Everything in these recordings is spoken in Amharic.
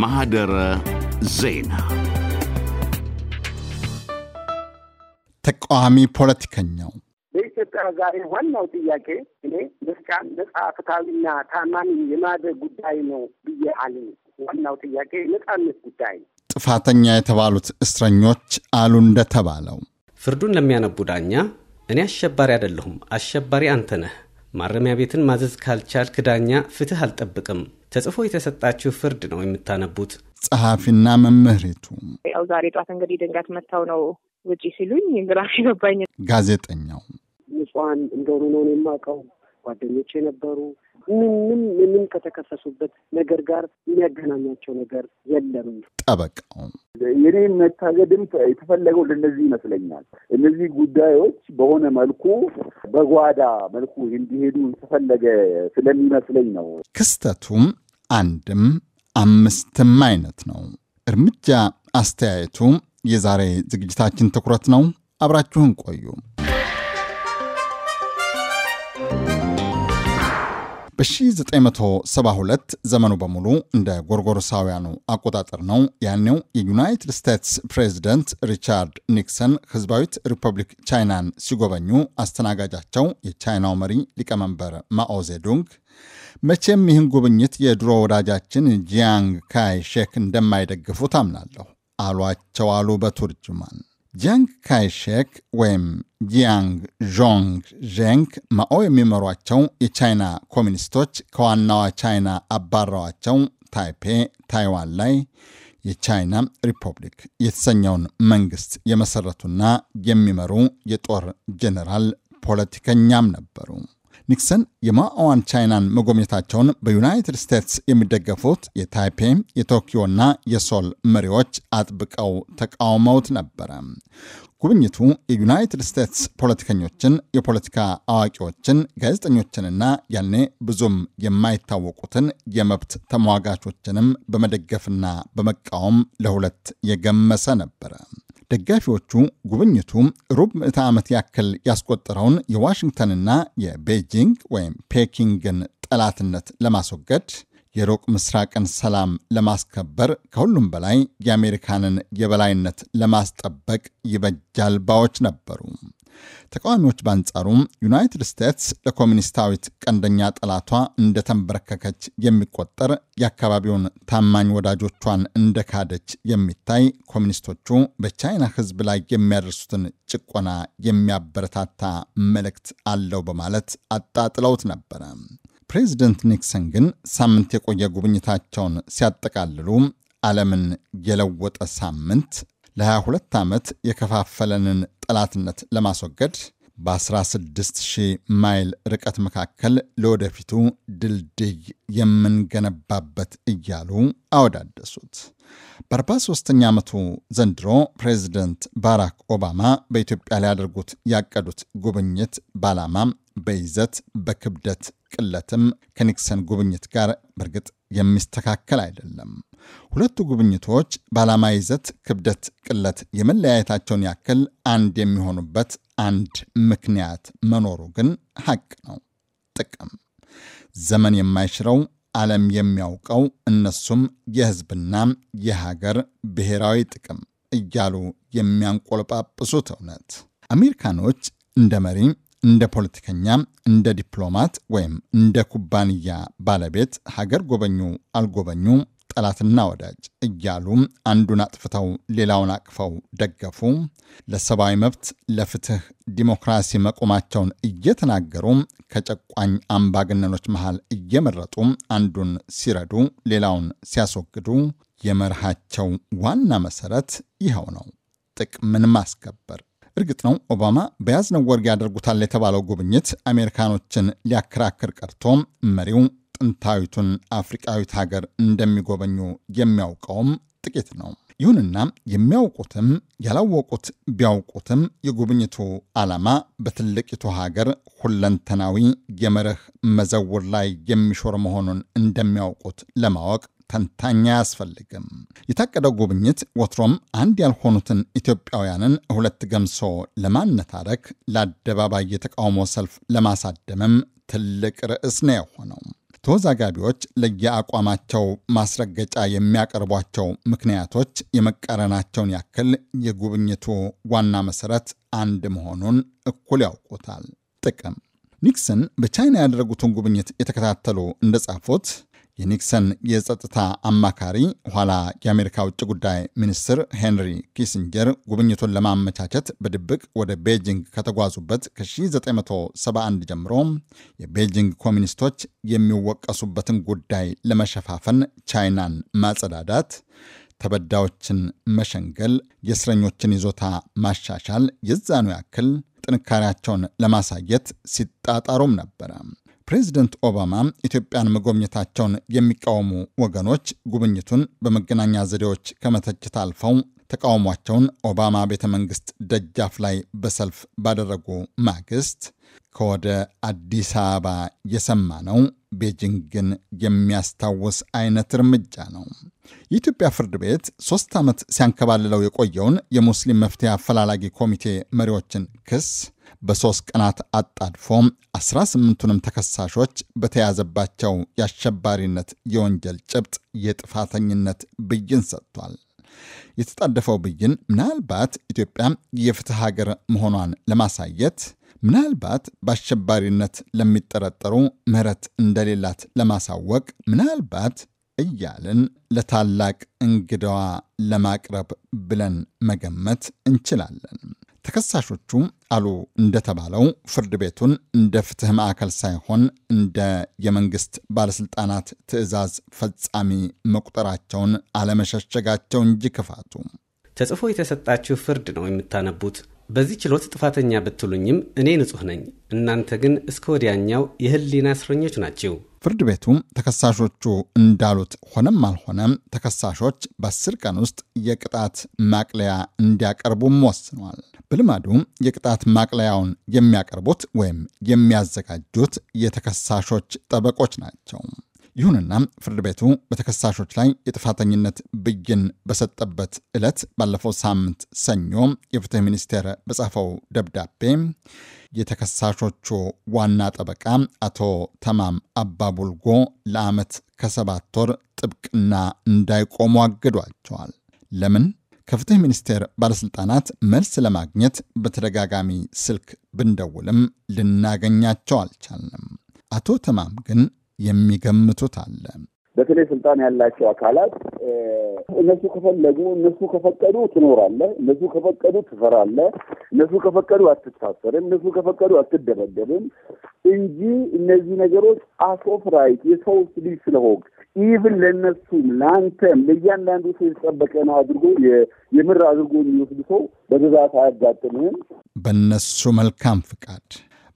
ማህደረ ዜና ተቃዋሚ ፖለቲከኛው በኢትዮጵያ ዛሬ ዋናው ጥያቄ እኔ ምርጫን ነጻ ፍትሐዊና ታማኒ የማድረግ ጉዳይ ነው ብዬ አለ። ዋናው ጥያቄ ነጻነት ጉዳይ ጥፋተኛ የተባሉት እስረኞች አሉ እንደተባለው ፍርዱን ለሚያነቡ ዳኛ እኔ አሸባሪ አይደለሁም፣ አሸባሪ አንተ ነህ፣ ማረሚያ ቤትን ማዘዝ ካልቻልክ ዳኛ ፍትህ አልጠብቅም ተጽፎ የተሰጣችሁ ፍርድ ነው የምታነቡት። ጸሐፊና መምህሪቱ ያው ዛሬ ጧት እንግዲህ ድንገት መጥተው ነው ውጪ ሲሉኝ ግራ ገባኝ። ጋዜጠኛው ንጹሐን እንደሆኑ ነው የማውቀው። ጓደኞች የነበሩ ምንም ምንም ከተከሰሱበት ነገር ጋር የሚያገናኛቸው ነገር የለም። ጠበቃው የኔ መታገድም የተፈለገው ለእነዚህ ይመስለኛል። እነዚህ ጉዳዮች በሆነ መልኩ በጓዳ መልኩ እንዲሄዱ የተፈለገ ስለሚመስለኝ ነው። ክስተቱም አንድም አምስትም አይነት ነው። እርምጃ አስተያየቱ የዛሬ ዝግጅታችን ትኩረት ነው። አብራችሁን ቆዩ። በ1972 ዘመኑ በሙሉ እንደ ጎርጎሮሳውያኑ አቆጣጠር ነው። ያኔው የዩናይትድ ስቴትስ ፕሬዚደንት ሪቻርድ ኒክሰን ሕዝባዊት ሪፐብሊክ ቻይናን ሲጎበኙ አስተናጋጃቸው የቻይናው መሪ ሊቀመንበር ማኦ ዜዱንግ መቼም ይህን ጉብኝት የድሮ ወዳጃችን ጂያንግ ካይሼክ እንደማይደግፉ እንደማይደግፉት አምናለሁ አሏቸው አሉ በቱርጅማን። ጂያንግ ካይሼክ ወይም ጂያንግ ዦንግ ዤንግ ማኦ የሚመሯቸው የቻይና ኮሚኒስቶች ከዋናዋ ቻይና አባረዋቸው ታይፔ ታይዋን ላይ የቻይና ሪፐብሊክ የተሰኘውን መንግስት የመሰረቱና የሚመሩ የጦር ጄኔራል ፖለቲከኛም ነበሩ። ኒክሰን የማኦዋን ቻይናን መጎብኘታቸውን በዩናይትድ ስቴትስ የሚደገፉት የታይፔ የቶኪዮና የሶል መሪዎች አጥብቀው ተቃውመውት ነበረ። ጉብኝቱ የዩናይትድ ስቴትስ ፖለቲከኞችን፣ የፖለቲካ አዋቂዎችን፣ ጋዜጠኞችንና ያኔ ብዙም የማይታወቁትን የመብት ተሟጋቾችንም በመደገፍና በመቃወም ለሁለት የገመሰ ነበረ። ደጋፊዎቹ ጉብኝቱ ሩብ ምዕተ ዓመት ያክል ያስቆጠረውን የዋሽንግተንና የቤጂንግ ወይም ፔኪንግን ጠላትነት ለማስወገድ የሩቅ ምስራቅን ሰላም ለማስከበር ከሁሉም በላይ የአሜሪካንን የበላይነት ለማስጠበቅ ይበጃል ባዎች ነበሩ። ተቃዋሚዎች በአንጻሩም ዩናይትድ ስቴትስ ለኮሚኒስታዊት ቀንደኛ ጠላቷ እንደተንበረከከች የሚቆጠር የአካባቢውን ታማኝ ወዳጆቿን እንደካደች የሚታይ ኮሚኒስቶቹ በቻይና ሕዝብ ላይ የሚያደርሱትን ጭቆና የሚያበረታታ መልእክት አለው በማለት አጣጥለውት ነበረ። ፕሬዚደንት ኒክሰን ግን ሳምንት የቆየ ጉብኝታቸውን ሲያጠቃልሉ ዓለምን የለወጠ ሳምንት ለ22 ዓመት የከፋፈለንን ጠላትነት ለማስወገድ በ 16000 ማይል ርቀት መካከል ለወደፊቱ ድልድይ የምንገነባበት እያሉ አወዳደሱት። በ43ኛ ዓመቱ ዘንድሮ ፕሬዚደንት ባራክ ኦባማ በኢትዮጵያ ሊያደርጉት ያቀዱት ጉብኝት በዓላማ፣ በይዘት፣ በክብደት ቅለትም ከኒክሰን ጉብኝት ጋር በእርግጥ የሚስተካከል አይደለም። ሁለቱ ጉብኝቶች በዓላማ ይዘት፣ ክብደት፣ ቅለት የመለያየታቸውን ያክል አንድ የሚሆኑበት አንድ ምክንያት መኖሩ ግን ሐቅ ነው። ጥቅም ዘመን የማይሽረው ዓለም የሚያውቀው እነሱም የሕዝብና የሀገር ብሔራዊ ጥቅም እያሉ የሚያንቆልጳጵሱት እውነት አሜሪካኖች እንደ መሪ፣ እንደ ፖለቲከኛ፣ እንደ ዲፕሎማት ወይም እንደ ኩባንያ ባለቤት ሀገር ጎበኙ አልጎበኙ ጠላትና ወዳጅ እያሉ አንዱን አጥፍተው ሌላውን አቅፈው ደገፉ። ለሰብአዊ መብት፣ ለፍትህ፣ ዲሞክራሲ መቆማቸውን እየተናገሩ ከጨቋኝ አምባገነኖች መሃል እየመረጡ አንዱን ሲረዱ፣ ሌላውን ሲያስወግዱ የመርሃቸው ዋና መሰረት ይኸው ነው፣ ጥቅምን ማስከበር። እርግጥ ነው ኦባማ በያዝነው ወር ያደርጉታል የተባለው ጉብኝት አሜሪካኖችን ሊያከራክር ቀርቶ መሪው ጥንታዊቱን አፍሪቃዊት ሀገር እንደሚጎበኙ የሚያውቀውም ጥቂት ነው። ይሁንና የሚያውቁትም ያላወቁት ቢያውቁትም የጉብኝቱ ዓላማ በትልቂቱ ሀገር ሁለንተናዊ የመርህ መዘውር ላይ የሚሾር መሆኑን እንደሚያውቁት ለማወቅ ተንታኝ አያስፈልግም። የታቀደው ጉብኝት ወትሮም አንድ ያልሆኑትን ኢትዮጵያውያንን ሁለት ገምሶ ለማነታረክ፣ ለአደባባይ የተቃውሞ ሰልፍ ለማሳደምም ትልቅ ርዕስ ነው የሆነው። ተወዛጋቢዎች ለየአቋማቸው ማስረገጫ የሚያቀርቧቸው ምክንያቶች የመቀረናቸውን ያክል የጉብኝቱ ዋና መሰረት አንድ መሆኑን እኩል ያውቁታል። ጥቅም ኒክሰን በቻይና ያደረጉትን ጉብኝት የተከታተሉ እንደጻፉት የኒክሰን የጸጥታ አማካሪ ኋላ የአሜሪካ ውጭ ጉዳይ ሚኒስትር ሄንሪ ኪሲንጀር ጉብኝቱን ለማመቻቸት በድብቅ ወደ ቤጂንግ ከተጓዙበት ከ1971 ጀምሮ የቤጂንግ ኮሚኒስቶች የሚወቀሱበትን ጉዳይ ለመሸፋፈን ቻይናን ማጸዳዳት ተበዳዮችን መሸንገል፣ የእስረኞችን ይዞታ ማሻሻል የዛኑ ያክል ጥንካሬያቸውን ለማሳየት ሲጣጣሩም ነበረ። ፕሬዚደንት ኦባማ ኢትዮጵያን መጎብኘታቸውን የሚቃወሙ ወገኖች ጉብኝቱን በመገናኛ ዘዴዎች ከመተችት አልፈው ተቃውሟቸውን ኦባማ ቤተ መንግስት ደጃፍ ላይ በሰልፍ ባደረጉ ማግስት ከወደ አዲስ አበባ የሰማ ነው ቤጂንግን የሚያስታውስ አይነት እርምጃ ነው። የኢትዮጵያ ፍርድ ቤት ሶስት ዓመት ሲያንከባልለው የቆየውን የሙስሊም መፍትሄ አፈላላጊ ኮሚቴ መሪዎችን ክስ በሶስት ቀናት አጣድፎ 18ቱንም ተከሳሾች በተያዘባቸው የአሸባሪነት የወንጀል ጭብጥ የጥፋተኝነት ብይን ሰጥቷል። የተጣደፈው ብይን ምናልባት ኢትዮጵያ የፍትህ ሀገር መሆኗን ለማሳየት ምናልባት በአሸባሪነት ለሚጠረጠሩ ምህረት እንደሌላት ለማሳወቅ ምናልባት እያልን ለታላቅ እንግዳዋ ለማቅረብ ብለን መገመት እንችላለን። ተከሳሾቹ አሉ እንደተባለው ፍርድ ቤቱን እንደ ፍትህ ማዕከል ሳይሆን እንደ የመንግስት ባለስልጣናት ትዕዛዝ ፈጻሚ መቁጠራቸውን አለመሸሸጋቸው እንጂ ክፋቱ ተጽፎ የተሰጣችሁ ፍርድ ነው የምታነቡት። በዚህ ችሎት ጥፋተኛ ብትሉኝም እኔ ንጹሕ ነኝ፣ እናንተ ግን እስከ ወዲያኛው የህሊና እስረኞች ናቸው። ፍርድ ቤቱ ተከሳሾቹ እንዳሉት ሆነም አልሆነም ተከሳሾች በአስር ቀን ውስጥ የቅጣት ማቅለያ እንዲያቀርቡም ወስኗል። በልማዱ የቅጣት ማቅለያውን የሚያቀርቡት ወይም የሚያዘጋጁት የተከሳሾች ጠበቆች ናቸው። ይሁንና ፍርድ ቤቱ በተከሳሾች ላይ የጥፋተኝነት ብይን በሰጠበት ዕለት ባለፈው ሳምንት ሰኞ የፍትህ ሚኒስቴር በጻፈው ደብዳቤ የተከሳሾቹ ዋና ጠበቃ አቶ ተማም አባቡልጎ ለዓመት ከሰባት ወር ጥብቅና እንዳይቆሙ አግዷቸዋል። ለምን? ከፍትህ ሚኒስቴር ባለሥልጣናት መልስ ለማግኘት በተደጋጋሚ ስልክ ብንደውልም ልናገኛቸው አልቻልንም። አቶ ተማም ግን የሚገምቱት አለ። በተለይ ስልጣን ያላቸው አካላት እነሱ ከፈለጉ እነሱ ከፈቀዱ ትኖራለህ፣ እነሱ ከፈቀዱ ትፈራለህ፣ እነሱ ከፈቀዱ አትታሰርም፣ እነሱ ከፈቀዱ አትደበደብም እንጂ እነዚህ ነገሮች አሶፍራይት የሰው ልጅ ስለሆንክ ኢቭን ለእነሱም ለአንተም ለእያንዳንዱ ሰው የተጠበቀ ነው አድርጎ የምር አድርጎ የሚወስድ ሰው በብዛት አያጋጥምህም። በእነሱ መልካም ፍቃድ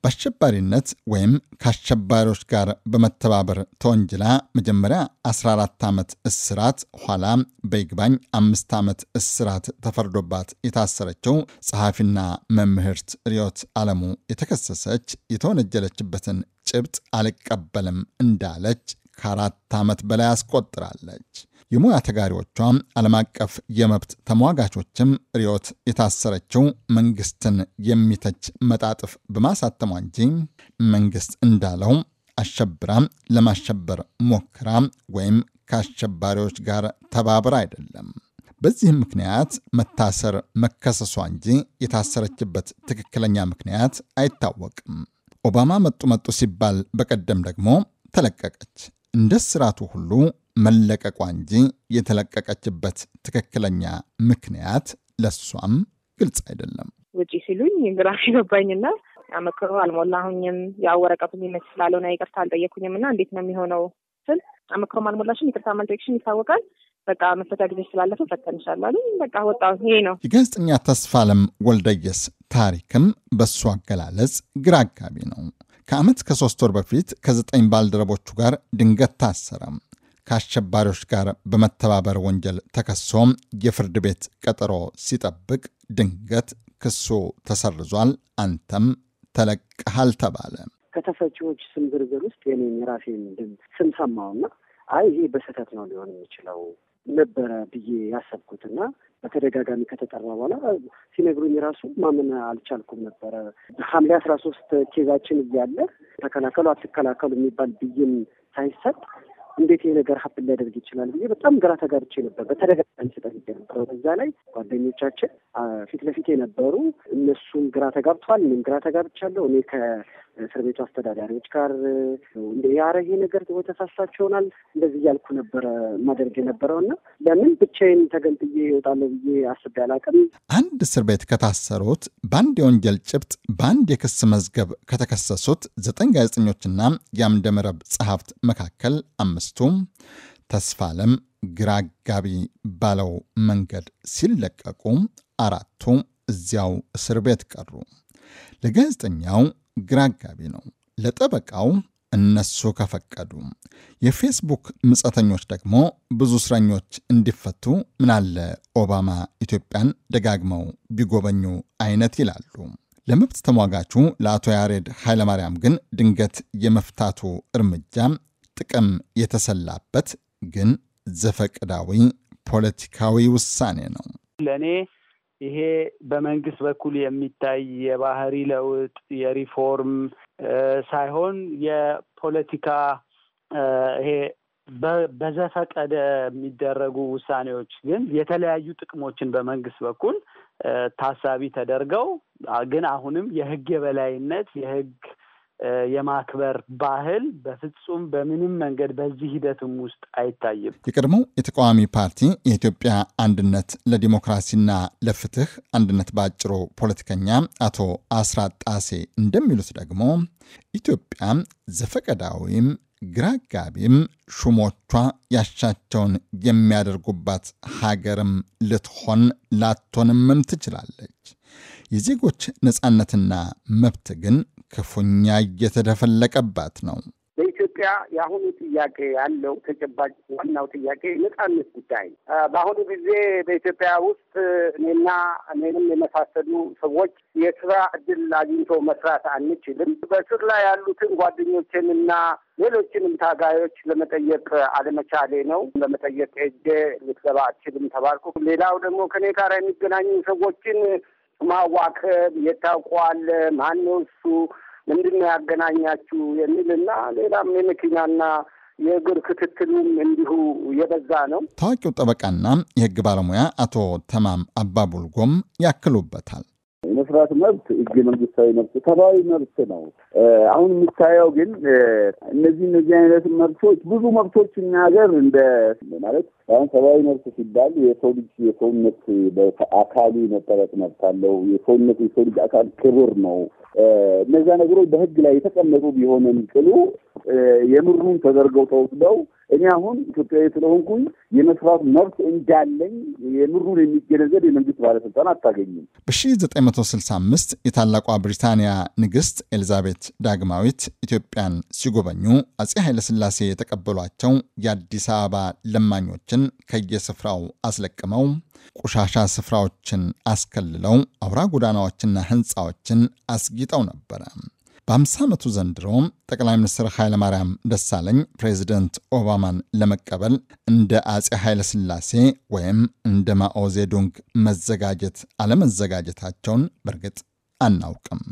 በአሸባሪነት ወይም ከአሸባሪዎች ጋር በመተባበር ተወንጅላ መጀመሪያ 14 ዓመት እስራት ኋላ በይግባኝ አምስት ዓመት እስራት ተፈርዶባት የታሰረችው ጸሐፊና መምህርት ርዮት ዓለሙ የተከሰሰች የተወነጀለችበትን ጭብጥ አልቀበልም እንዳለች ከአራት ዓመት በላይ አስቆጥራለች። የሙያ ተጋሪዎቿ ዓለም አቀፍ የመብት ተሟጋቾችም ሪዮት የታሰረችው መንግስትን የሚተች መጣጥፍ በማሳተሟ እንጂ መንግስት እንዳለው አሸብራ ለማሸበር ሞክራ ወይም ከአሸባሪዎች ጋር ተባብራ አይደለም። በዚህም ምክንያት መታሰር መከሰሷ እንጂ የታሰረችበት ትክክለኛ ምክንያት አይታወቅም። ኦባማ መጡ መጡ ሲባል በቀደም ደግሞ ተለቀቀች። እንደ ስራቱ ሁሉ መለቀቋ እንጂ የተለቀቀችበት ትክክለኛ ምክንያት ለሷም ግልጽ አይደለም። ውጪ ሲሉኝ ግራ ገባኝና አመክሮ አልሞላሁኝም። ያው ወረቀቱ ይመች ስላልሆነ ይቅርታ አልጠየኩኝም እና እንዴት ነው የሚሆነው ስል አመክሮም አልሞላሽም፣ ይቅርታ ማልጠየቅሽም ይታወቃል በቃ መፈታ ጊዜ ስላለፈ ፈተንሻላሉ። በቃ ወጣ። ይሄ ነው የጋዜጠኛ ተስፋለም ወልደየስ ታሪክም በእሱ አገላለጽ ግራ አጋቢ ነው። ከዓመት ከሶስት ወር በፊት ከዘጠኝ ባልደረቦቹ ጋር ድንገት ታሰረ። ከአሸባሪዎች ጋር በመተባበር ወንጀል ተከሶም የፍርድ ቤት ቀጠሮ ሲጠብቅ ድንገት ክሱ ተሰርዟል፣ አንተም ተለቀሃል ተባለ። ከተፈቺዎች ስም ዝርዝር ውስጥ የኔን የራሴን ድምፅ ስም ሰማውና አይ ይሄ በስህተት ነው ሊሆን የሚችለው ነበረ ብዬ ያሰብኩት እና በተደጋጋሚ ከተጠራ በኋላ ሲነግሩኝ ራሱ ማመን አልቻልኩም ነበረ። ሐምሌ አስራ ሶስት ኬዛችን እያለ ተከላከሉ አትከላከሉ የሚባል ብይን ሳይሰጥ እንዴት ይህ ነገር ሀብት ሊያደርግ ይችላል ብዬ በጣም ግራ ተጋብቼ ነበር። በተደጋጋሚ ስጠ ነበረ። በዛ ላይ ጓደኞቻችን ፊት ለፊት የነበሩ እነሱም ግራ ተጋብተዋል፣ እኔም ግራ ተጋብቻለሁ። እኔ እስር ቤቱ አስተዳዳሪዎች ጋር እንደ ያረሄ ነገር ተሳሳች ይሆናል እንደዚህ እያልኩ ነበረ ማደርግ የነበረው እና ለምን ብቻዬን ተገንጥዬ ይወጣለሁ ብዬ አስቤ አላውቅም። አንድ እስር ቤት ከታሰሩት በአንድ የወንጀል ጭብጥ በአንድ የክስ መዝገብ ከተከሰሱት ዘጠኝ ጋዜጠኞችና የአምደመረብ ጸሐፍት መካከል አምስቱ ተስፋ ዓለም ግራ አጋቢ ባለው መንገድ ሲለቀቁ አራቱ እዚያው እስር ቤት ቀሩ። ለጋዜጠኛው ግራ አጋቢ ነው። ለጠበቃው እነሱ ከፈቀዱ፣ የፌስቡክ ምጸተኞች ደግሞ ብዙ እስረኞች እንዲፈቱ ምናለ ኦባማ ኢትዮጵያን ደጋግመው ቢጎበኙ አይነት ይላሉ። ለመብት ተሟጋቹ ለአቶ ያሬድ ኃይለማርያም ግን ድንገት የመፍታቱ እርምጃ ጥቅም የተሰላበት ግን ዘፈቅዳዊ ፖለቲካዊ ውሳኔ ነው። ለእኔ ይሄ በመንግስት በኩል የሚታይ የባህሪ ለውጥ የሪፎርም ሳይሆን የፖለቲካ ይሄ በዘፈቀደ የሚደረጉ ውሳኔዎች ግን የተለያዩ ጥቅሞችን በመንግስት በኩል ታሳቢ ተደርገው ግን አሁንም የህግ የበላይነት የህግ የማክበር ባህል በፍጹም በምንም መንገድ በዚህ ሂደትም ውስጥ አይታይም። የቀድሞው የተቃዋሚ ፓርቲ የኢትዮጵያ አንድነት ለዲሞክራሲና ለፍትህ አንድነት በአጭሩ ፖለቲከኛ አቶ አስራት ጣሴ እንደሚሉት ደግሞ ኢትዮጵያ ዘፈቀዳዊም ግራጋቢም ሹሞቿ ያሻቸውን የሚያደርጉባት ሀገርም ልትሆን ላትሆንምም ትችላለች። የዜጎች ነፃነትና መብት ግን ክፉኛ እየተደፈለቀባት ነው። በኢትዮጵያ የአሁኑ ጥያቄ ያለው ተጨባጭ ዋናው ጥያቄ ነጻነት ጉዳይ በአሁኑ ጊዜ በኢትዮጵያ ውስጥ እኔና እኔንም የመሳሰሉ ሰዎች የስራ እድል አግኝቶ መስራት አንችልም። በስር ላይ ያሉትን ጓደኞችንና ሌሎችንም ታጋዮች ለመጠየቅ አለመቻሌ ነው። ለመጠየቅ ሄጄ ልትገባ አችልም ተባልኩ። ሌላው ደግሞ ከኔ ጋር የሚገናኙ ሰዎችን ማዋከብ የታውቋል ማነው እሱ ምንድነው ያገናኛችሁ የሚል እና ሌላም የመኪናና የእግር ክትትሉም እንዲሁ የበዛ ነው። ታዋቂው ጠበቃና የህግ ባለሙያ አቶ ተማም አባቡልጎም ያክሉበታል። የመስራት መብት ህገ መንግስታዊ መብት ሰብአዊ መብት ነው። አሁን የሚታየው ግን እነዚህ እነዚህ አይነት መብቶች ብዙ መብቶች እኛ ሀገር እንደ ማለት አሁን ሰብአዊ መብት ሲባል የሰው ልጅ የሰውነት አካሉ መጠበቅ መብት አለው። የሰውነት የሰው ልጅ አካል ክብር ነው። እነዚያ ነገሮች በህግ ላይ የተቀመጡ ቢሆንም ቅሉ የምሩን ተደርገው ተወስደው እኔ አሁን ኢትዮጵያዊ ስለሆንኩኝ የመስራት መብት እንዳለኝ የምሩን የሚገነዘብ የመንግስት ባለስልጣን አታገኝም። በሺ965 የታላቋ ብሪታንያ ንግስት ኤልዛቤት ዳግማዊት ኢትዮጵያን ሲጎበኙ አጼ ኃይለስላሴ የተቀበሏቸው የአዲስ አበባ ለማኞችን ከየስፍራው አስለቅመው ቆሻሻ ስፍራዎችን አስከልለው አውራ ጎዳናዎችና ህንፃዎችን አስጊጠው ነበረ። በ ዓመቱ ዘንድሮ ጠቅላይ ሚኒስትር ኃይለማርያም ደሳለኝ ፕሬዚደንት ኦባማን ለመቀበል እንደ አጼ ኃይለ ሥላሴ ወይም እንደ ማኦዜዱንግ መዘጋጀት አለመዘጋጀታቸውን በእርግጥ አናውቅም።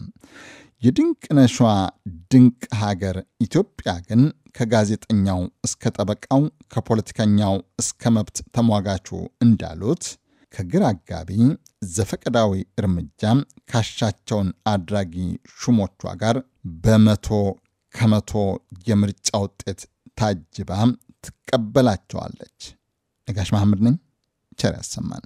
የድንቅነሿ ድንቅ ሀገር ኢትዮጵያ ግን ከጋዜጠኛው እስከ ጠበቃው፣ ከፖለቲከኛው እስከ መብት ተሟጋቹ እንዳሉት ከግራ አጋቢ ዘፈቀዳዊ እርምጃ ካሻቸውን አድራጊ ሹሞቿ ጋር በመቶ ከመቶ የምርጫ ውጤት ታጅባ ትቀበላቸዋለች። ነጋሽ መሐመድ ነኝ። ቸር ያሰማን።